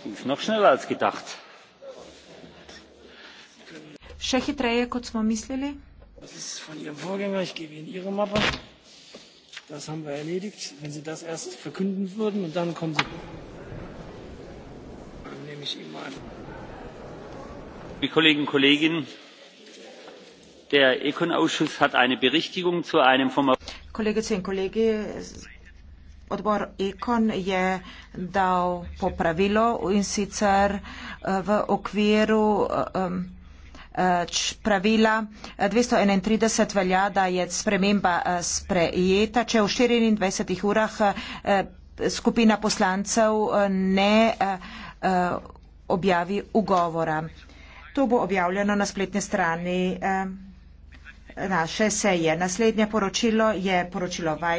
Še hitreje, kot smo mislili. Das ist von Ihrem Vorgänger. Ich gebe Ihnen Ihre Mappe. Das haben wir erledigt. Wenn Sie das erst verkünden würden und dann kommen Sie. Dann nehme ich Ihnen mal. Liebe Kolleginnen und Kollegen, der Econ-Ausschuss hat eine Berichtigung zu einem vom. Kolleginnen und Kollegen, Odbor Ekon je dal popravilo in sicer eh, v okviru eh, eh, pravila 231 velja, da je sprememba sprejeta, če v 24 urah skupina poslancev ne objavi ugovora. To bo objavljeno na spletni strani naše seje. Naslednje poročilo je poročilo Vajt.